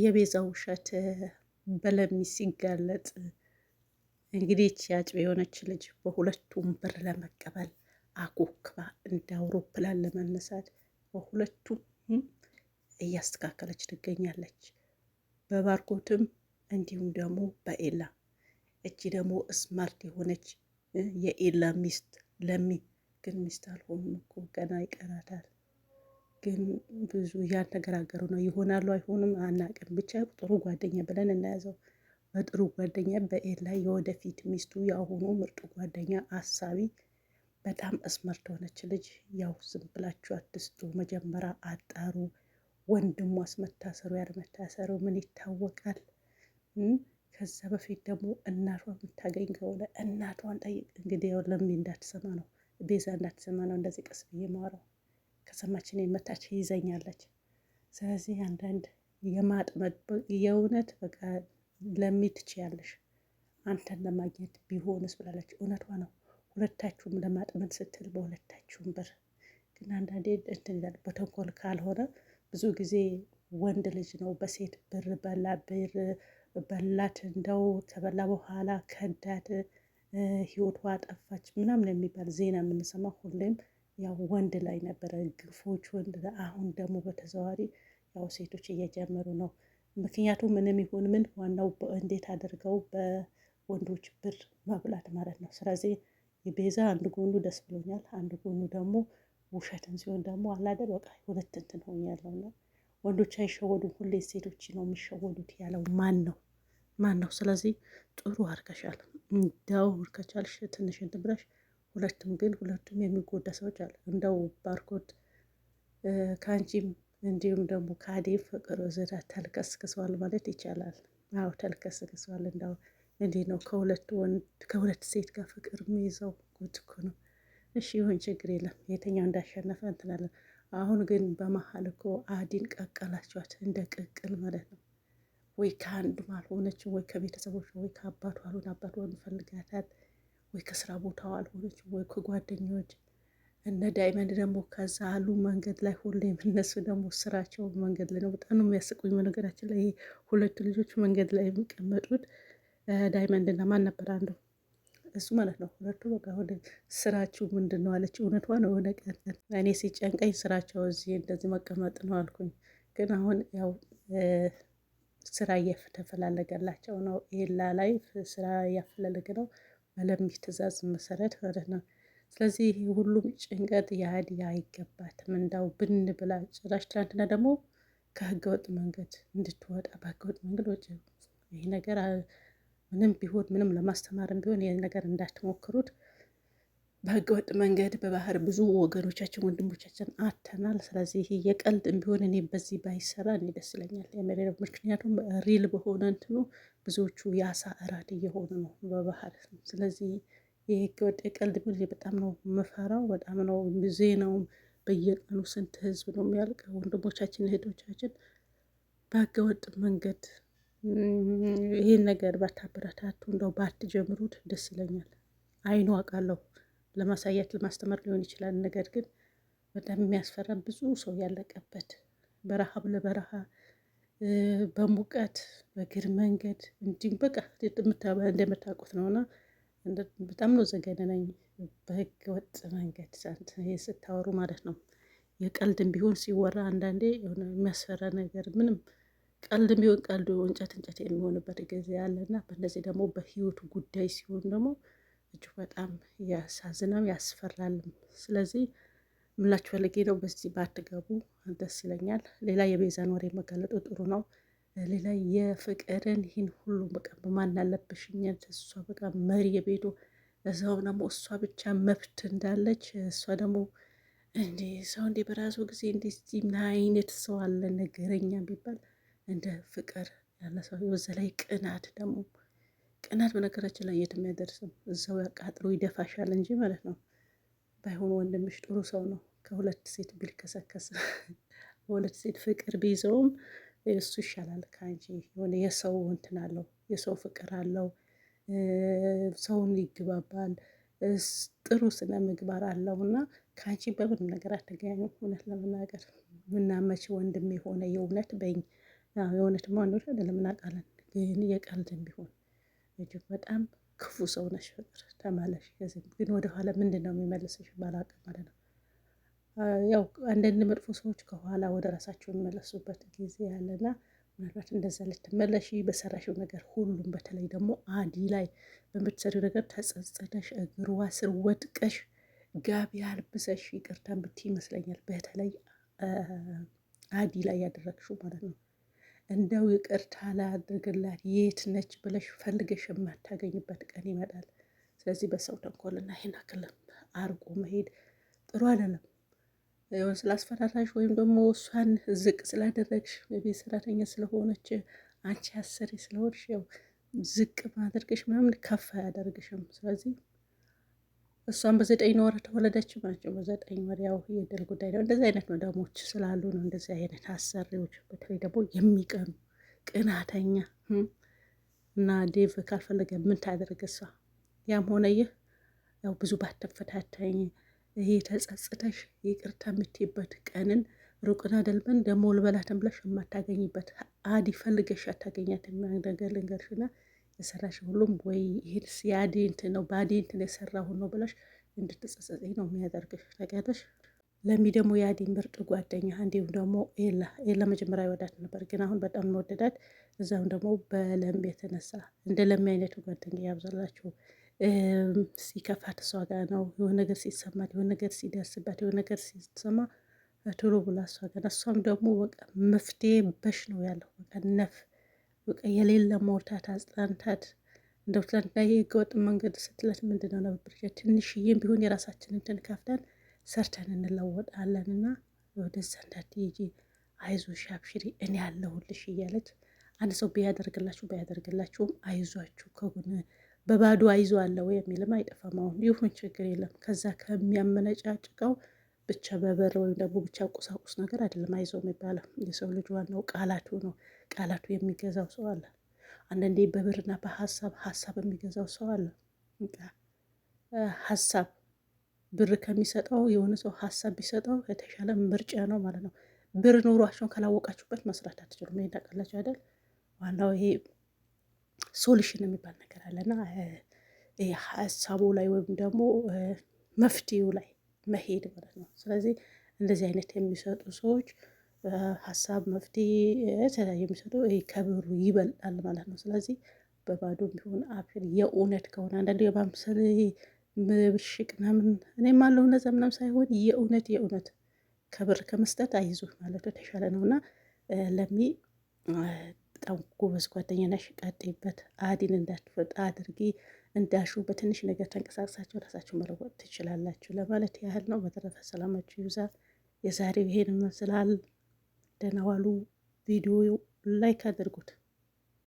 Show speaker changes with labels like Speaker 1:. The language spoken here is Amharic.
Speaker 1: የቤዛ ውሸት በለሚ ሲጋለጥ እንግዲህ ይቺ የሆነች ልጅ በሁለቱም ብር ለመቀበል አኮክባ እንደ አውሮፕላን ለመነሳት በሁለቱም እያስተካከለች ትገኛለች። በባርኮትም እንዲሁም ደግሞ በኤላ እቺ ደግሞ ስማርት የሆነች የኤላ ሚስት ለሚ ግን ሚስት አልሆኑም እኮ ገና ይቀራታል። ግን ብዙ እያነገራገሩ ነው። ይሆናሉ አይሆንም አናቅም። ብቻ ጥሩ ጓደኛ ብለን እናያዘው። በጥሩ ጓደኛ በኤላ የወደፊት ሚስቱ የአሁኑ ምርጡ ጓደኛ አሳቢ፣ በጣም እስመርት ሆነች ልጅ። ያው ዝም ብላችሁ አትስጡ፣ መጀመሪያ አጣሩ። ወንድሟስ መታሰሩ ያለመታሰሩ ምን ይታወቃል? ከዛ በፊት ደግሞ እናቷ የምታገኝ ከሆነ እናቷን ጠይቅ። እንግዲህ ያው ለሚ እንዳትሰማ ነው ቤዛ እንዳትሰማ ነው እንደዚህ ቀስ ብዬ ማውራው ከሰማችን የመታች ይዘኛለች። ስለዚህ አንዳንድ የማጥመድ የእውነት በቃ ለሚትች ያለሽ አንተን ለማግኘት ቢሆንስ ብላለች። እውነቷ ነው። ሁለታችሁም ለማጥመድ ስትል በሁለታችሁም ብር ግን አንዳንዴ እንትን ይላል። በተንኮል ካልሆነ ብዙ ጊዜ ወንድ ልጅ ነው በሴት ብር በላ ብር በላት እንደው ከበላ በኋላ ከዳት ህይወቷ ጠፋች ምናምን የሚባል ዜና የምንሰማ ሁሌም ያው ወንድ ላይ ነበረ ግፎች ወንድ ላይ አሁን ደግሞ በተዘዋዋሪ ያው ሴቶች እየጀመሩ ነው። ምክንያቱም ምንም ይሁን ምን ዋናው እንዴት አድርገው በወንዶች ብር መብላት ማለት ነው። ስለዚህ የቤዛ አንድ ጎኑ ደስ ብሎኛል፣ አንድ ጎኑ ደግሞ ውሸትን ሲሆን ደግሞ አላደር በቃ ሁለት እንትን ሆኛለሁ እና ወንዶች አይሸወዱም፣ ሁሌ ሴቶች ነው የሚሸወዱት ያለው ማን ነው ማን ነው? ስለዚህ ጥሩ አርከሻል። እንዳው ከቻልሽ ትንሽ እንትን ብለሽ ሁለቱም ግን ሁለቱም የሚጎዳ ሰዎች አሉ። እንደው ባርኮት ከአንቺም እንዲሁም ደግሞ ከአዴም ፍቅር ወዘዳ ተልከስክሰዋል ማለት ይቻላል። አዎ ተልከስክሰዋል። እንዳው እንዲህ ነው ከሁለት ወንድ ከሁለት ሴት ጋር ፍቅር የሚይዘው ጉድ እኮ ነው። እሺ ይሁን ችግር የለም የተኛው እንዳሸነፈ እንትናለን። አሁን ግን በመሀል እኮ አዲን ቀቀላችኋት እንደ ቅቅል ማለት ነው። ወይ ከአንዱ አልሆነችም፣ ወይ ከቤተሰቦች፣ ወይ ከአባቱ አልሆን አባቱ እንፈልጋታል ወይ ከስራ ቦታ አልሆነች ወይ ከጓደኞች እነ ዳይመንድ ደግሞ ከዛ አሉ መንገድ ላይ ሁሌ የምነሱ ደግሞ ስራቸው መንገድ ላይ ነው። በጣም ነው የሚያስቁኝ። በነገራችን ላይ ሁለቱ ልጆች መንገድ ላይ የሚቀመጡት ዳይመንድ እና ማን ነበር አንዱ እሱ ማለት ነው። ሁለቱ በቃ ወደ ስራችሁ ምንድን ነው አለች። እውነቷ ነው። የሆነ ቀን እኔ ሲጨንቀኝ ስራቸው እዚህ እንደዚህ መቀመጥ ነው አልኩኝ። ግን አሁን ያው ስራ እየተፈላለገላቸው ነው። ኤላ ላይ ስራ እያፈላለገ ነው። በለምሽ ትእዛዝ መሰረት ማለት ነው። ስለዚህ ሁሉም ጭንቀት የሀዲያ አይገባትም። እንዳው ብን ብላ ጭራሽ ትላንትና ደግሞ ከህገ ወጥ መንገድ እንድትወጣ በህገ ወጥ መንገድ ወጭ ይህ ነገር ምንም ቢሆን ምንም ለማስተማርም ቢሆን ይህ ነገር እንዳትሞክሩት። በህገ ወጥ መንገድ በባህር ብዙ ወገኖቻችን ወንድሞቻችን አተናል። ስለዚህ የቀልድ ቢሆን እኔ በዚህ ባይሰራ እኔ ደስ ይለኛል። ምክንያቱም ሪል በሆነ እንትኑ ብዙዎቹ የአሳ እራድ እየሆኑ ነው በባህር። ስለዚህ የህገ ወጥ የቀልድ ምል በጣም ነው መፈራው፣ በጣም ነው ዜናውም። በየቀኑ ስንት ህዝብ ነው የሚያልቅ? ወንድሞቻችን እህቶቻችን በህገወጥ መንገድ ይህን ነገር ባታበረታቱ እንደው ባትጀምሩት ደስ ይለኛል። አይኑ አውቃለሁ ለማሳየት ለማስተማር ሊሆን ይችላል። ነገር ግን በጣም የሚያስፈራ ብዙ ሰው ያለቀበት በረሃብ ለበረሃ በሙቀት በእግር መንገድ እንዲሁም በቃ እንደምታውቁት ነውና በጣም ነው ዘገነነኝ። በህገ ወጥ መንገድ ስታወሩ ማለት ነው። የቀልድም ቢሆን ሲወራ አንዳንዴ የሆነ የሚያስፈራ ነገር ምንም ቀልድም ቢሆን ቀልዱ እንጨት እንጨት የሚሆንበት ጊዜ አለና በእነዚህ ደግሞ በህይወት ጉዳይ ሲሆን ደግሞ እጅግ በጣም ያሳዝናም ያስፈራልም። ስለዚህ ምላችሁ ፈልጌ ነው። በዚህ ባትገቡ ደስ ይለኛል። ሌላ የቤዛን ወሬ መጋለጡ ጥሩ ነው። ሌላ የፍቅርን ይህን ሁሉ በቃ በማን አለብሽኛል እሷ በቃ መሪ የቤቱ እዛው ደግሞ እሷ ብቻ መብት እንዳለች እሷ ደግሞ እንዲ ሰው እንዲ በራሱ ጊዜ እንዲ ምን አይነት ሰው አለ ነገረኛ ቢባል እንደ ፍቅር ያለ ሰው በዛ ላይ ቅናት ደግሞ ቅናት በነገራችን ላይ የት የሚያደርስም እዛው ያቃጥሎ ይደፋሻል እንጂ ማለት ነው። ባይሆን ወንድምሽ ጥሩ ሰው ነው። ከሁለት ሴት ቢልከሰከስ በሁለት ሴት ፍቅር ቢይዘውም እሱ ይሻላል ከአንቺ። የሆነ የሰው እንትን አለው፣ የሰው ፍቅር አለው፣ ሰውን ይግባባል፣ ጥሩ ስነ ምግባር አለው እና ከአንቺ በምንም ነገር አትገናኙም። እውነት ለመናገር ምናመች ወንድም የሆነ የእውነት በኝ የእውነት ማንዶች ለምናቃለን ግን የቀልድ ቢሆን እጅግ በጣም ክፉ ሰው ነሽ ፍቅር ተመለሽ። ከዚህ ግን ወደኋላ ምንድን ነው የሚመልስሽ ባላቅ ማለት ነው። ያው አንዳንድ መጥፎ ሰዎች ከኋላ ወደ ራሳቸው የሚመለሱበት ጊዜ ያለና ምናልባት እንደዛ ልትመለሽ በሰራሽው ነገር ሁሉም በተለይ ደግሞ አዲ ላይ በምትሰሪው ነገር ተጸጽተሽ እግሯ ስር ወድቀሽ ጋቢ አልብሰሽ ይቅርታ ብት ይመስለኛል። በተለይ አዲ ላይ ያደረግሽው ማለት ነው። እንደው ይቅርታ ላድርግላት የት ነች ብለሽ ፈልገሽ የማታገኝበት ቀን ይመጣል። ስለዚህ በሰው ተንኮልና ይህን አክል አርቆ መሄድ ጥሩ አይደለም። ይሁን ስላስፈራራሽ ወይም ደግሞ እሷን ዝቅ ስላደረግሽ ቤት ሰራተኛ ስለሆነች አንቺ አሰሪ ስለሆንሽ ያው ዝቅ ማድረግሽ ምናምን ከፍ አያደርግሽም። ስለዚህ እሷም በዘጠኝ ወር ተወለደች ናቸው። በዘጠኝ ወር ያው የድል ጉዳይ ነው። እንደዚህ አይነት መደሞች ስላሉ ነው እንደዚህ አይነት አሰሪዎች፣ በተለይ ደግሞ የሚቀኑ ቅናተኛ እና ዴቭ ካልፈለገ ምን ታደርግ እሷ። ያም ሆነ ይህ ያው ብዙ ባተፈታተኝ ይሄ ተጸጽተሽ ይቅርታ የምትይበት ቀንን ሩቅን አደልበን ደግሞ ልበላትን ብለሽ የማታገኝበት አዲ ፈልገሽ አታገኛት ነገር ልንገርሽና የሰራሽ ሁሉም ወይ ይህስ የአዴ እንትን ነው በአዴ እንትን የሰራ ነው ብለሽ እንድትጸጸጽ ነው የሚያደርግሽ። ተቀያተሽ ለሚ ደግሞ የአዴ ምርጥ ጓደኛ እንዲሁም ደግሞ ኤላ ኤላ መጀመሪያ ይወዳት ነበር፣ ግን አሁን በጣም እንወደዳት። እዛም ደግሞ በለም የተነሳ እንደ ለሚ አይነቱ ጓደኛ ያብዛላችሁ። ሲከፋት እሷ ጋር ነው የሆነ ነገር ሲሰማት፣ የሆነ ነገር ሲደርስባት፣ የሆነ ነገር ሲሰማ ቶሎ ብላ እሷ ጋር እሷም ደግሞ በቃ መፍትሄ በሽ ነው ያለው በቃ ነፍ በቃ የሌለ ሞርታት አጽናንታት እንደው ትላንትና የህገወጥ መንገድ ስትላት ምንድነው ነበር ትንሽዬም ቢሆን የራሳችን እንትን ከፍተን ሰርተን እንለወጣለን እና ወደዛ እንዳትሄጂ አይዞሽ አብሽሪ እኔ ያለሁልሽ እያለች አንድ ሰው ቢያደርግላችሁ ቢያደርግላችሁም አይዟችሁ ከጎን በባዶ አይዞ አለው የሚልም አይጠፋም። አሁን ይሁን ችግር የለም። ከዛ ከሚያመነጫጭቀው ብቻ በበር ወይም ደግሞ ብቻ ቁሳቁስ ነገር አይደለም አይዞ የሚባለው የሰው ልጅ ዋናው ቃላቱ ነው። ቃላቱ የሚገዛው ሰው አለ። አንዳንዴ በብርና በሀሳብ ሀሳብ የሚገዛው ሰው አለ። ሀሳብ ብር ከሚሰጠው የሆነ ሰው ሀሳብ ቢሰጠው የተሻለ ምርጫ ነው ማለት ነው። ብር ኖሯቸውን ካላወቃችሁበት መስራት አትችሉም። ይሄን ታውቃላችሁ አይደል? ዋናው ይሄ ሶሉሽን የሚባል ነገር አለና ሀሳቡ ላይ ወይም ደግሞ መፍትሄው ላይ መሄድ ማለት ነው። ስለዚህ እንደዚህ አይነት የሚሰጡ ሰዎች ሀሳብ፣ መፍትሄ የተለያየ የሚሰጡ ከብሩ ይበልጣል ማለት ነው። ስለዚህ በባዶ ቢሆን አብሽር የእውነት ከሆነ አንዳንድ የማምሰል ምብሽቅ ምናምን እኔ ማለው እነዛ ምናምን ሳይሆን የእውነት የእውነት ከብር ከመስጠት አይዞ ማለት የተሻለ ነው እና ለሚ በጣም ጎበዝ ጓደኛ ነሽ። ቀጤበት አዲን እንዳትወጣ አድርጊ። እንዳሹ በትንሽ ነገር ተንቀሳቅሳችሁ ራሳችሁ መለወጥ ትችላላችሁ ለማለት ያህል ነው። በተረፈ ሰላማችሁ ይብዛ። የዛሬው ይሄን ይመስላል። ደህና ዋሉ። ቪዲዮ ላይክ አድርጉት።